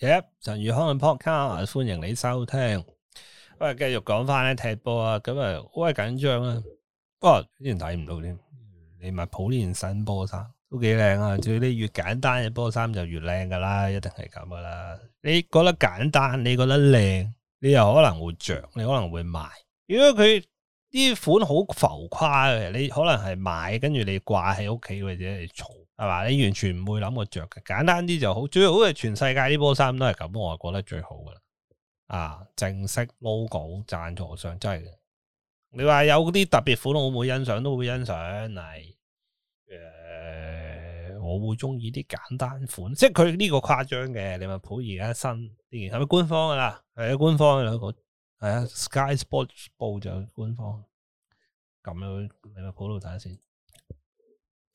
耶！陳如、yep, 康嘅 podcast，歡迎你收聽。喂，繼續講翻咧，踢波啊，咁啊好係緊張啊。哇不過之前睇唔到添，嗯，你咪普呢件新波衫都幾靚啊。最你越簡單嘅波衫就越靚噶啦，一定係咁噶啦。你覺得簡單，你覺得靚，你又可能會着，你可能會買。如果佢呢款好浮誇嘅，你可能係買，跟住你掛喺屋企或者係係嘛？你完全唔會諗我着嘅，簡單啲就好。最好係全世界呢波衫都係咁，我係覺得最好噶啦。啊，正式 logo 贊助上，真係。你話有啲特別款，我會欣賞，都會欣賞。嚟，誒、呃，我會中意啲簡單款式，即係佢呢個誇張嘅。你咪普而家新，係咪官方噶啦？係啊，官方啊，嗰係啊，Sky Sports 報就官方咁樣。你咪普到睇下先。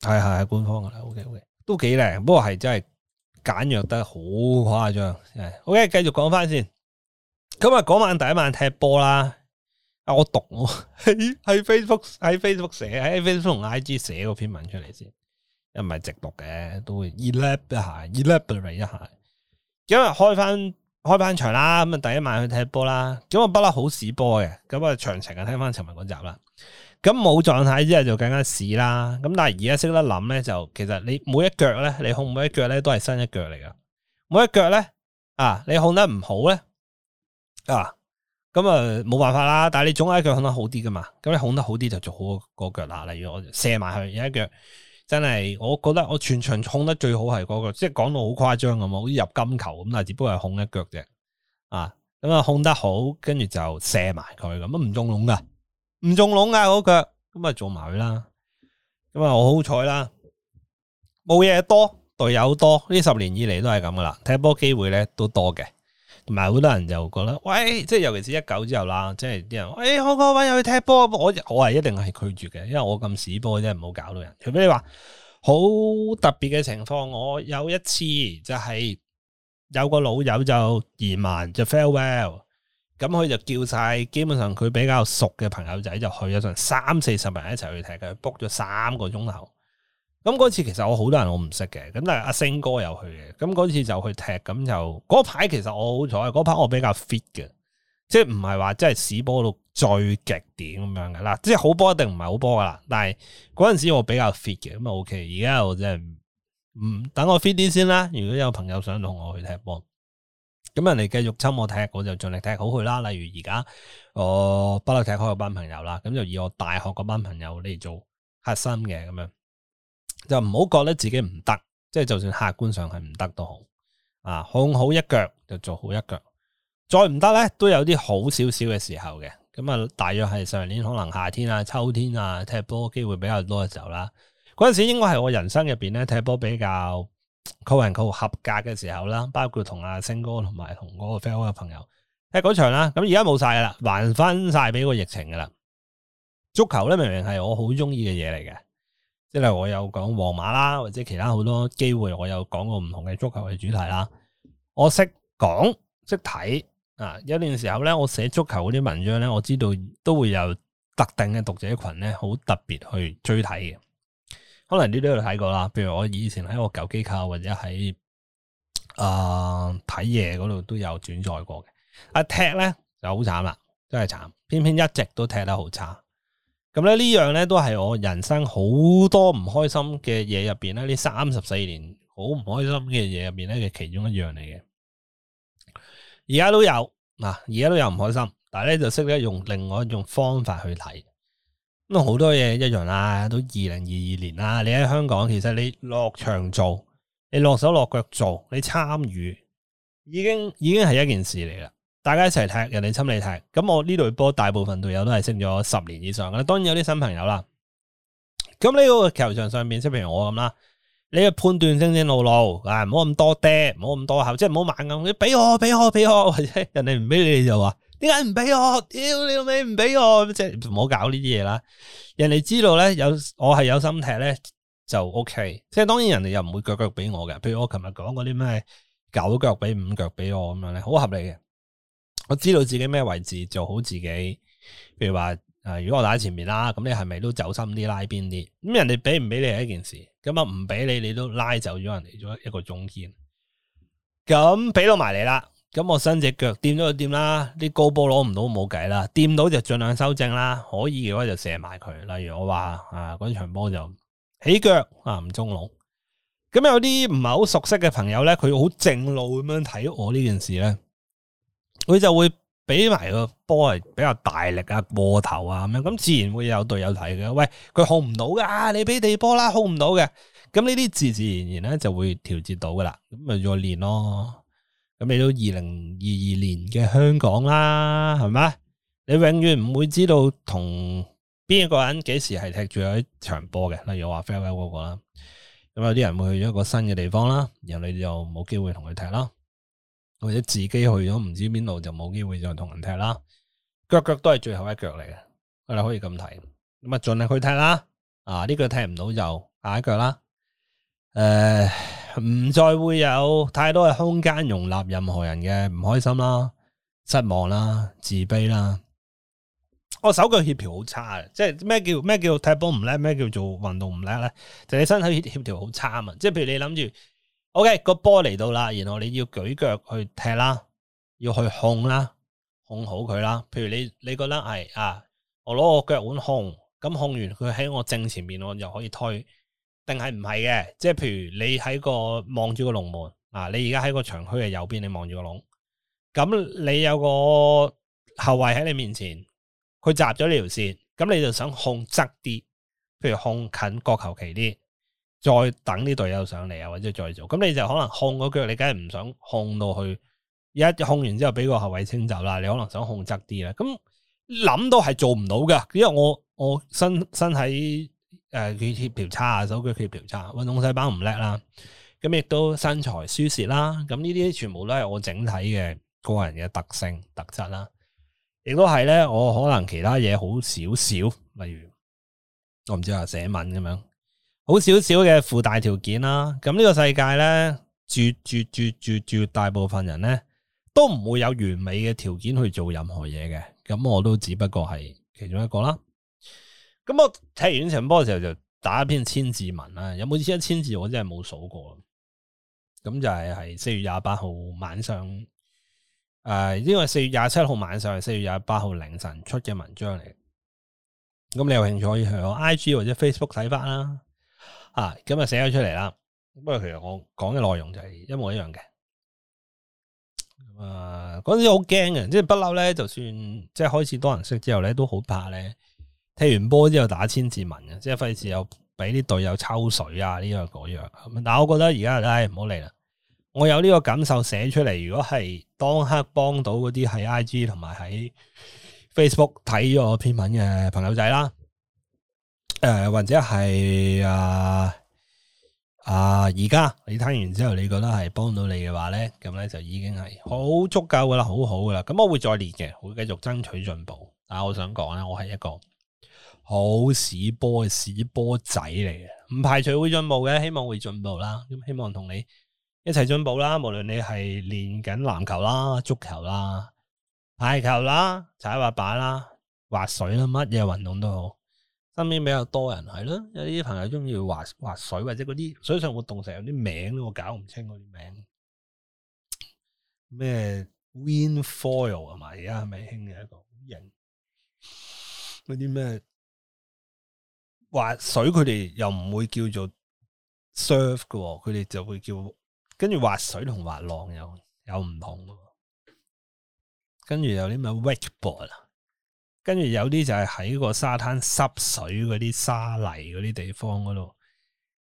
係係係官方噶啦，OK OK，都幾靚，不過係真係簡約得好誇張，係 OK，繼續講翻先。咁咪嗰晚第一晚踢波啦，啊我讀喺 Facebook 喺 Facebook 寫喺 Facebook 同 IG 寫嗰篇文出嚟先，又唔係直讀嘅，都會 elaborate 一下 elaborate 一下。咁咪開翻開翻場啦，咁啊第一晚去踢波啦，咁啊不嬲好屎波嘅，咁啊詳情啊聽翻尋日嗰集啦。咁冇狀態之後就更加屎啦。咁但係而家識得諗咧，就其實你每一腳咧，你控每一腳咧都係新一腳嚟噶。每一腳咧啊，你控得唔好咧啊，咁啊冇辦法啦。但係你總係一腳控得好啲噶嘛。咁你控得好啲就做好個腳啦。例如我射埋去，有一腳真係，我覺得我全場控得最好係嗰個，即係講到好誇張咁嘛，好似入金球咁，但只不過係控一腳啫。啊，咁啊控得好，跟住就射埋佢咁都唔中籠噶。唔中籠啊，就我腳咁啊做埋佢啦，咁啊我好彩啦，冇嘢多，隊友多，呢十年以嚟都係咁噶啦，踢波機會咧都多嘅，同埋好多人就覺得，喂，即係尤其是一九之後啦，即係啲人，喂、哎，我個位又去踢波，我我係一定係拒絕嘅，因為我咁屎波，真係唔好搞到人。除非你話好特別嘅情況，我有一次就係有個老友就移民，就 farewell。咁佢就叫晒，基本上佢比較熟嘅朋友仔就去咗成三四十人一齊去踢，佢 book 咗三個鐘頭。咁嗰次其實我好多人我唔識嘅，咁但係阿星哥又去嘅。咁嗰次就去踢，咁就嗰排其實我好彩，嗰排我比較 fit 嘅，即係唔係話真係屎波到最極點咁樣嘅。嗱，即係好波一定唔係好波噶啦。但係嗰陣時我比較 fit 嘅，咁 OK。而家我真係唔等我 fit 啲先啦。如果有朋友想同我去踢波，咁人哋繼續抽我踢，我就盡力踢好佢啦。例如而家，我不嬲踢開嗰班朋友啦，咁就以我大學嗰班朋友嚟做核心嘅咁樣，就唔好覺得自己唔得，即係就算客觀上係唔得都好，啊，控好一腳就做好一腳，再唔得咧都有啲好少少嘅時候嘅。咁啊，大約係上年可能夏天啊、秋天啊踢波機會比較多嘅時候啦，嗰陣時應該係我人生入邊咧踢波比較。考完考合格嘅時候啦，包括同阿星哥和同埋同嗰個 f 嘅朋友喺嗰場啦，咁而家冇晒噶啦，還翻晒俾個疫情噶啦。足球咧，明明係我好中意嘅嘢嚟嘅，即係我有講皇馬啦，或者其他好多機會，我有講過唔同嘅足球嘅主題啦。我識講，識睇啊！有段時候咧，我寫足球嗰啲文章咧，我知道都會有特定嘅讀者群咧，好特別去追睇嘅。可能你都有睇過啦，譬如我以前喺我舊機構或者喺誒睇嘢嗰度都有轉載過嘅。一踢咧就好慘啦，真係慘，偏偏一直都踢得好差。咁咧呢樣咧都係我人生好多唔開心嘅嘢入邊咧，呢三十四年好唔開心嘅嘢入邊咧嘅其中一樣嚟嘅。而家都有嗱，而家都有唔開心，但係咧就識得用另外一種方法去睇。好多嘢一樣啦，都二零二二年啦。你喺香港，其實你落場做，你落手落腳做，你參與已經已經係一件事嚟啦。大家一齊踢，人哋侵你踢。咁我呢隊波大部分隊友都係識咗十年以上啦。當然有啲新朋友啦。咁你喺個球場上面，即譬如我咁啦，你嘅判斷正正路路啊，唔好咁多爹，唔好咁多口，即係唔好猛咁。你俾我俾我俾我，或者人哋唔俾你就話。點解唔俾我？屌你老味唔俾我，即係唔好搞呢啲嘢啦。人哋知道咧，有我係有心踢咧就 O K。即係當然人哋又唔會腳腳俾我嘅。譬如我琴日講嗰啲咩九腳俾五腳俾我咁樣咧，好合理嘅。我知道自己咩位置做好自己。譬如話啊，如果我打喺前面啦，咁你係咪都走心啲拉邊啲？咁人哋俾唔俾你係一件事。咁啊唔俾你，你都拉走咗人嚟咗一個中堅。咁俾到埋你啦。咁我伸隻腳掂咗就掂啦，啲高波攞唔到冇計啦，掂到就盡量修正啦，可以嘅話就射埋佢。例如我話啊，嗰場波就起腳啊唔中籠。咁有啲唔係好熟悉嘅朋友咧，佢好正路咁樣睇我呢件事咧，佢就會俾埋個波係比較大力啊過頭啊咁樣，咁自然會有隊友睇嘅。喂，佢控唔到噶，你俾地波啦，控唔到嘅。咁呢啲自自然然咧就會調節到噶啦，咁咪再練咯。咁你到二零二二年嘅香港啦，係咪？你永遠唔會知道同邊一個人幾時係踢住一場波嘅，例如話 farewell 嗰個啦。咁有啲人會去咗一個新嘅地方啦，然後你就冇機會同佢踢啦，或者自己去咗唔知邊度就冇機會再同人踢啦。腳腳都係最後一腳嚟嘅，我哋可以咁睇。咁啊，盡力去踢啦，啊呢、這個踢唔到就下一腳啦，誒、呃。唔再會有太多嘅空間容納任何人嘅唔開心啦、失望啦、自卑啦。我手腳協調好差嘅，即係咩叫咩叫踢波唔叻，咩叫做運動唔叻咧？就你、是、身體協,協調好差啊嘛！即係譬如你諗住，OK 個波嚟到啦，然後你要舉腳去踢啦，要去控啦，控好佢啦。譬如你你覺得係啊，我攞個腳腕控，咁控完佢喺我正前面，我又可以推。定係唔係嘅？即係譬如你喺個望住個龍門啊，你而家喺個場區嘅右邊，你望住個龍。咁你有個後衛喺你面前，佢夾咗你條線，咁你就想控側啲，譬如控近角球旗啲，再等啲隊友上嚟啊，或者再做。咁你就可能控個腳，你梗係唔想控到去。一控完之後俾個後衛清走啦，你可能想控側啲啦。咁諗都係做唔到噶，因為我我身身喺。誒，佢、呃、協調差啊，手腳協調差，運動細胞唔叻啦，咁亦都身材輸蝕啦，咁呢啲全部都係我整體嘅個人嘅特性特質啦，亦都係咧，我可能其他嘢好少少，例如我唔知話寫文咁樣，好少少嘅附帶條件啦，咁、這、呢個世界咧，絕,絕絕絕絕絕大部分人咧都唔會有完美嘅條件去做任何嘢嘅，咁我都只不過係其中一個啦。咁我踢完場波嘅時候就打一篇千字文啦，有冇知一千字我真係冇數過。咁就係係四月廿八號晚上，誒、呃，因為四月廿七號晚上，係四月廿八號凌晨出嘅文章嚟。咁你有興趣可以去我 I G 或者 Facebook 睇翻啦。吓咁啊寫咗出嚟啦。不過其實我講嘅內容就係一模一樣嘅。咁嗰陣時好驚嘅，即係不嬲咧，就,是、就算即係開始多人識之後咧，都好怕咧。踢完波之後打千字文嘅，即係費事又俾啲隊友抽水啊，呢樣嗰樣。但係我覺得而家唉，唔好理啦。我有呢個感受寫出嚟，如果係當刻幫到嗰啲喺 I G 同埋喺 Facebook 睇咗我篇文嘅朋友仔啦，誒、呃、或者係啊啊而家你聽完之後你覺得係幫到你嘅話咧，咁咧就已經係好足夠噶啦，好好噶啦。咁我會再練嘅，會繼續爭取進步。但我想講咧，我係一個。好屎波屎波仔嚟嘅，唔排除會進步嘅，希望會進步啦。咁希望同你一齊進步啦。無論你係練緊籃球啦、足球啦、排球啦、踩滑板啦、滑水啦，乜嘢運動都好。身邊比較多人係咯，有啲朋友中意滑滑水或者嗰啲水上活動，成日有啲名我搞唔清嗰啲名。咩 wind foil 啊嘛，而家係咪興嘅一個型？嗰啲咩？滑水佢哋又唔會叫做 surf 嘅，佢哋就會叫，跟住滑水同滑浪又有唔同，跟住有啲咩 wakeboard，跟住有啲就係喺個沙灘濕水嗰啲沙泥嗰啲地方嗰度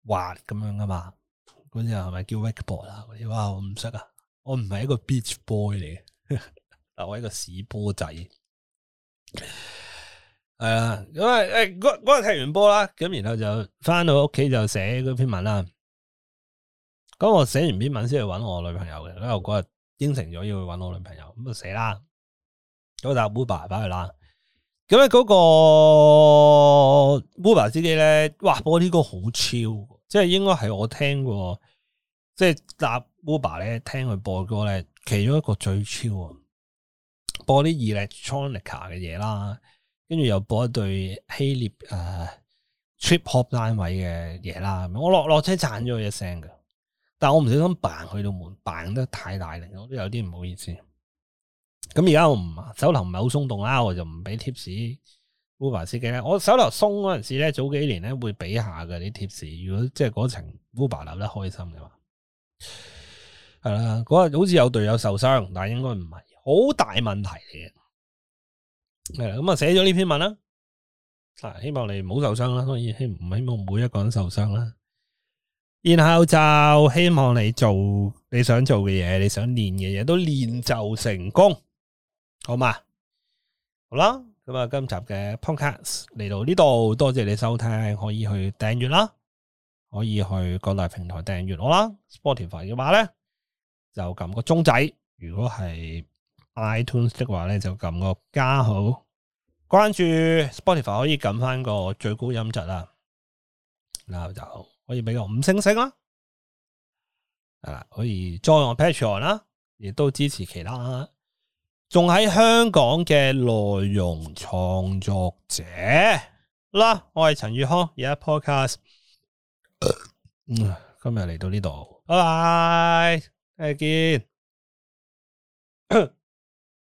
滑咁樣噶嘛，嗰啲係咪叫 wakeboard 啊？哇，我唔識啊，我唔係一個 beach boy 嚟嘅，嗱， 我係一個屎波仔。係啊，咁咪誒嗰日踢完波啦，咁然後就翻到屋企就寫嗰篇文啦。咁我寫完篇文先去搵我女朋友嘅，因為嗰日應承咗要去搵我女朋友，咁就寫啦。咁搭 Uber 翻去啦，咁咧嗰個 Uber 司機咧，哇！播啲歌好超，即係應該係我聽過，即係搭 Uber 咧聽佢播歌咧，其中一個最超啊，播啲 electronic 嘅嘢啦。跟住又播一對希列啊 trip hop 單位嘅嘢啦，我落落車鏟咗一聲㗎，但我唔小心掹去到門，掹得太大力。我都有啲唔好意思。咁而家我唔手頭唔係好鬆動啦，我就唔俾貼士。Uber 司機咧。我手頭鬆嗰陣時咧，早幾年咧會俾下嘅啲貼士如果即係嗰程 Uber r 得開心嘅話，係啦。嗰日好似有隊友受傷，但係應該唔係，好大問題嚟嘅。係啦，咁啊寫咗呢篇文啦，嗱、啊，希望你唔好受傷啦，當然希唔希望每一個人受傷啦、啊。然後就希望你做你想做嘅嘢，你想練嘅嘢都練就成功，好嘛？好啦，咁啊，今集嘅 Podcast 嚟到呢度，多謝你收聽，可以去訂閱啦，可以去各大平台訂閱我啦。Spotify 嘅話咧，就撳個鐘仔，如果係。iTunes 的話咧就撳個加號關注 Spotify 可以撳翻個最高音質啦，然後就可以俾個五星星、啊、啦，可以 join 我 Patreon 啦，亦都支持其他，仲喺香港嘅內容創作者啦。我係陳宇康，而家 Podcast， 今日嚟到呢度，拜拜 again .，再 見。